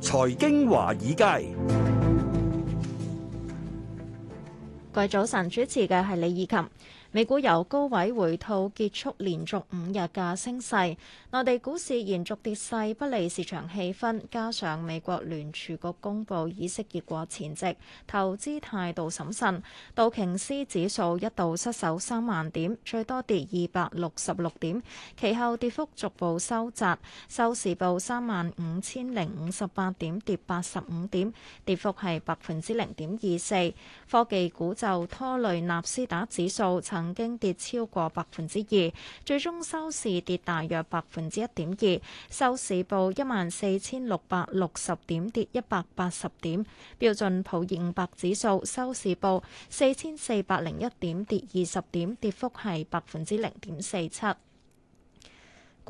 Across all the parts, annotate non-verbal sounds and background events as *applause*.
財經華爾街，今早晨主持嘅係李綺琴。美股由高位回吐，結束連續五日嘅升勢。內地股市延續跌勢，不利市場氣氛。加上美國聯儲局公布議息結果前夕，投資態度審慎。道瓊斯指數一度失守三萬點，最多跌二百六十六點，其後跌幅逐步收窄，收市報三萬五千零五十八點，跌八十五點，跌幅係百分之零點二四。科技股就拖累納斯達指數，曾曾經跌超過百分之二，最終收市跌大約百分之一點二，收市報一萬四千六百六十點，跌一百八十點。標準普爾五百指數收市報四千四百零一點，跌二十點，跌幅係百分之零點四七。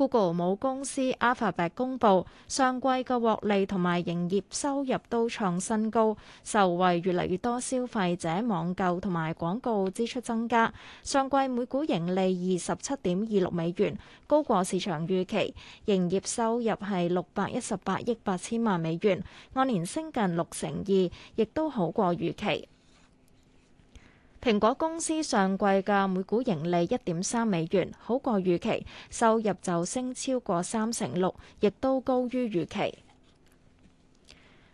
Google 母公司 Alphabet 公布上季嘅獲利同埋營業收入都創新高，受惠越嚟越多消費者網購同埋廣告支出增加。上季每股盈利二十七點二六美元，高過市場預期，營業收入係六百一十八億八千萬美元，按年升近六成二，亦都好過預期。蘋果公司上季嘅每股盈利一點三美元，好過預期，收入就升超過三成六，亦都高於預期。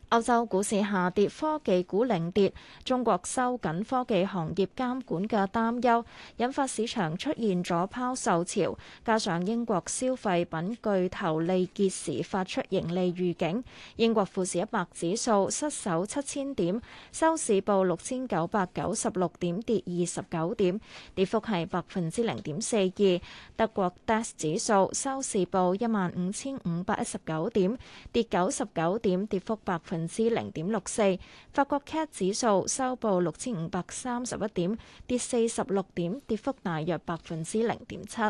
歐洲股市下跌，科技股領跌。中國收緊科技行業監管嘅擔憂，引發市場出現咗拋售潮。加上英國消費品巨頭利潔時發出盈利預警，英國富時一百指數失守七千點，收市報六千九百九十六點，跌二十九點，跌幅係百分之零點四二。德國 DAX 指數收市報一萬五千五百一十九點，跌九十九點，跌幅百分。百分之零點六四，64, 法國 CAC 指數收報六千五百三十一點，跌四十六點，跌幅大約百分之零點七。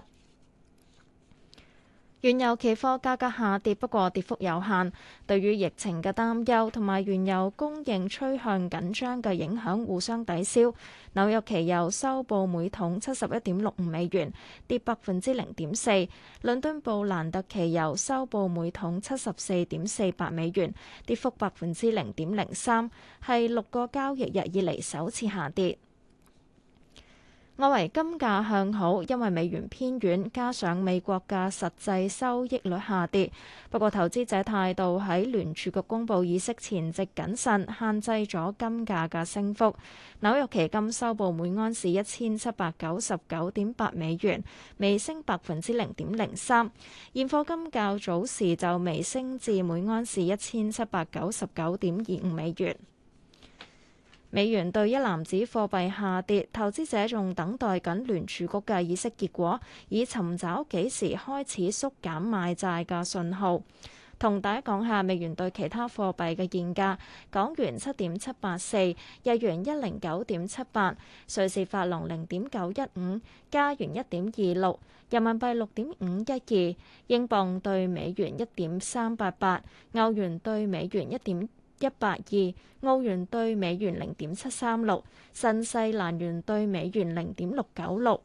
原油期貨價格下跌，不過跌幅有限，對於疫情嘅擔憂同埋原油供應趨向緊張嘅影響互相抵消。紐約期油收報每桶七十一點六五美元，跌百分之零點四；倫敦布蘭特期油收報每桶七十四點四八美元，跌幅百分之零點零三，係六個交易日以嚟首次下跌。外圍金價向好，因為美元偏軟，加上美國嘅實際收益率下跌。不過投資者態度喺聯儲局公佈議息前夕謹慎，限制咗金價嘅升幅。紐約期金收報每安士一千七百九十九點八美元，微升百分之零點零三。現貨金較早時就微升至每安士一千七百九十九點二五美元。美元兌一籃子貨幣下跌，投資者仲等待緊聯儲局嘅議息結果，以尋找幾時開始縮減買債嘅信號。同大家講下美元對其他貨幣嘅現價：港元七點七八四，日元一零九點七八，瑞士法郎零點九一五，加元一點二六，人民幣六點五一二，英鎊對美元一點三八八，歐元對美元一點一八二，澳元兌美元零點七三六，新西蘭元兌美元零點六九六。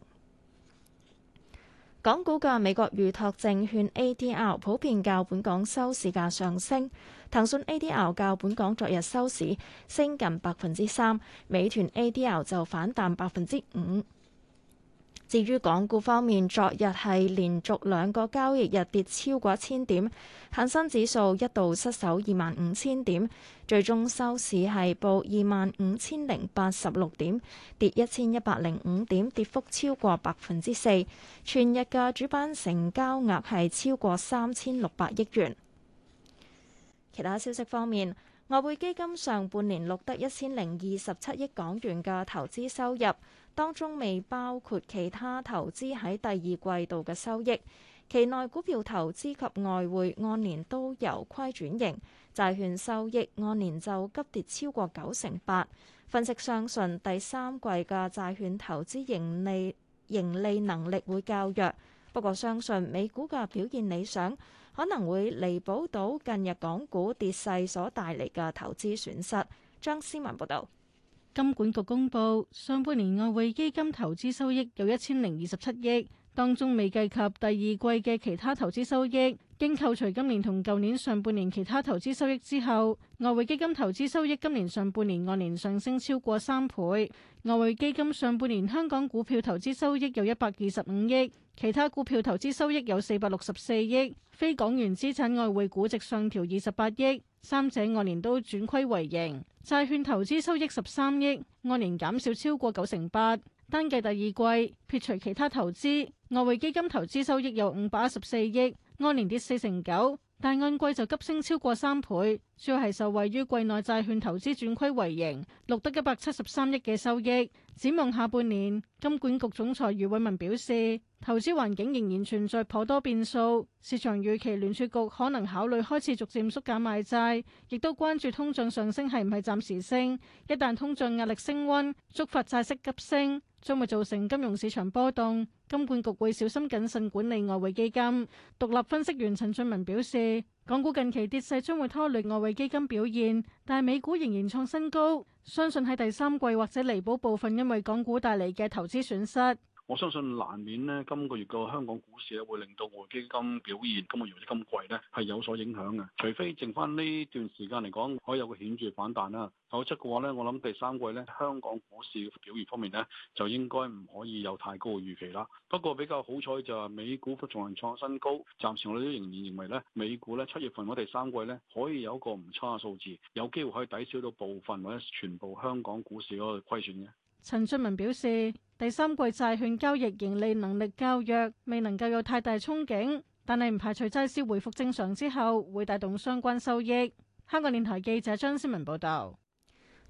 港股嘅美國預託證券 ADR 普遍較本港收市價上升，騰訊 ADR 較本港昨日收市升近百分之三，美團 ADR 就反彈百分之五。至於港股方面，昨日係連續兩個交易日跌超過一千點，恒生指數一度失守二萬五千點，最終收市係報二萬五千零八十六點，跌一千一百零五點，跌幅超過百分之四。全日嘅主板成交額係超過三千六百億元。其他消息方面，外匯基金上半年錄得一千零二十七億港元嘅投資收入。當中未包括其他投資喺第二季度嘅收益，期內股票投資及外匯按年都由虧轉盈，債券收益按年就急跌超過九成八。分析相信第三季嘅債券投資盈利盈利能力會較弱，不過相信美股嘅表現理想，可能會彌補到近日港股跌勢所帶嚟嘅投資損失。張思文報道。金管局公布上半年外匯基金投資收益有一千零二十七億，當中未計及第二季嘅其他投資收益。經扣除今年同舊年上半年其他投資收益之後，外匯基金投資收益今年上半年按年上升超過三倍。外匯基金上半年香港股票投資收益有一百二十五億，其他股票投資收益有四百六十四億，非港元資產外匯估值上調二十八億，三者按年都轉虧為盈。債券投資收益十三億，按年減少超過九成八。單計第二季，撇除其他投資，外匯基金投資收益有五百一十四億，按年跌四成九，但按季就急升超過三倍，主要係受惠於季內債券投資轉虧為盈，錄得一百七十三億嘅收益。展望下半年，金管局總裁余偉文表示：投資環境仍然存在頗多變數，市場預期聯儲局可能考慮開始逐漸縮減買債，亦都關注通脹上升係唔係暫時升，一旦通脹壓力升溫，觸發債息急升，將會造成金融市場波動。金管局會小心謹慎管理外匯基金。獨立分析員陳俊文表示，港股近期跌勢將會拖累外匯基金表現，但係美股仍然創新高，相信喺第三季或者彌補部分因為港股帶嚟嘅投資損失。我相信難免呢今個月嘅香港股市咧會令到外基金表現，今個月嘅金櫃咧係有所影響嘅。除非剩翻呢段時間嚟講可以有個顯著反彈啦，否則嘅話咧，我諗第三季咧香港股市表現方面咧就應該唔可以有太高嘅預期啦。不過比較好彩就係美股仲創新高，暫時我哋都仍然認為咧美股咧七月份或者第三季咧可以有一個唔差嘅數字，有機會可以抵消到部分或者全部香港股市嗰個虧損嘅。陳俊文表示，第三季債券交易盈利能力較弱，未能夠有太大憧憬，但係唔排除債市回復正常之後會帶動相關收益。香港電台記者張思文報道，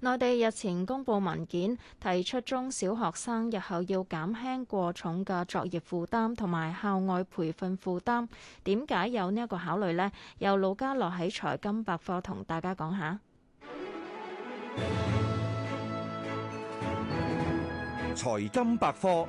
內地日前公布文件，提出中小學生日後要減輕過重嘅作業負擔同埋校外培訓負擔。點解有呢一個考慮呢？由盧家樂喺財金百貨同大家講下。 *music* 財金百科，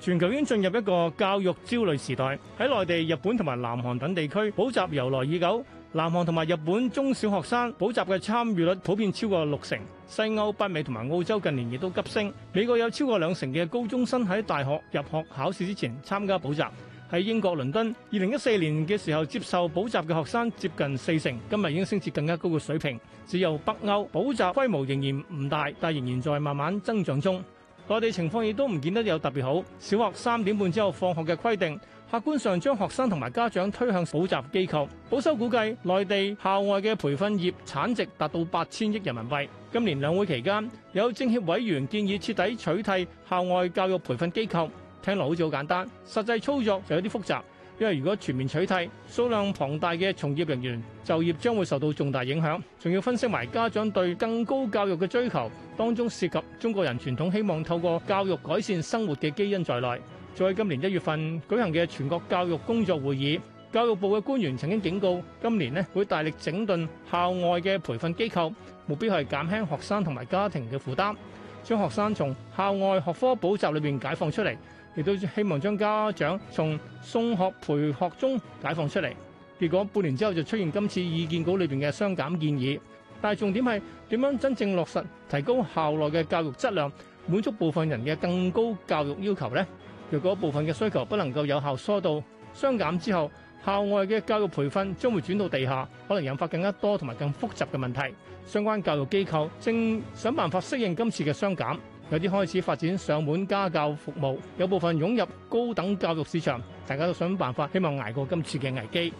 全球已經進入一個教育焦慮時代。喺內地、日本同埋南韓等地區，補習由來已久。南韓同埋日本中小學生補習嘅參與率普遍超過六成。西歐、北美同埋澳洲近年亦都急升。美國有超過兩成嘅高中生喺大學入學考試之前參加補習。喺英國倫敦，二零一四年嘅時候接受補習嘅學生接近四成，今日已經升至更加高嘅水平。只有北歐補習規模仍然唔大，但仍然在慢慢增長中。內地情況亦都唔見得有特別好。小學三點半之後放學嘅規定，客觀上將學生同埋家長推向補習機構。保守估計，內地校外嘅培訓業產值達到八千億人民幣。今年兩會期間，有政協委員建議徹底取締校外教育培訓機構。聽落好似好簡單，實際操作就有啲複雜，因為如果全面取締數量龐大嘅從業人員，就業將會受到重大影響。仲要分析埋家長對更高教育嘅追求，當中涉及中國人傳統希望透過教育改善生活嘅基因在內。在今年一月份舉行嘅全國教育工作會議，教育部嘅官員曾經警告，今年呢會大力整頓校外嘅培訓機構，目標係減輕學生同埋家庭嘅負擔，將學生從校外學科補習裏面解放出嚟。亦都希望將家長從送學培學中解放出嚟，結果半年之後就出現今次意見稿裏邊嘅雙減建議，但係重點係點樣真正落實提高校內嘅教育質量，滿足部分人嘅更高教育要求呢？若果部分嘅需求不能夠有效疏導，雙減之後校外嘅教育培訓將會轉到地下，可能引發更加多同埋更複雜嘅問題。相關教育機構正想辦法適應今次嘅雙減。有啲開始發展上門家教服務，有部分湧入高等教育市場，大家都想辦法，希望捱過今次嘅危機。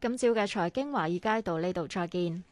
今朝嘅財經華爾街到呢度再見。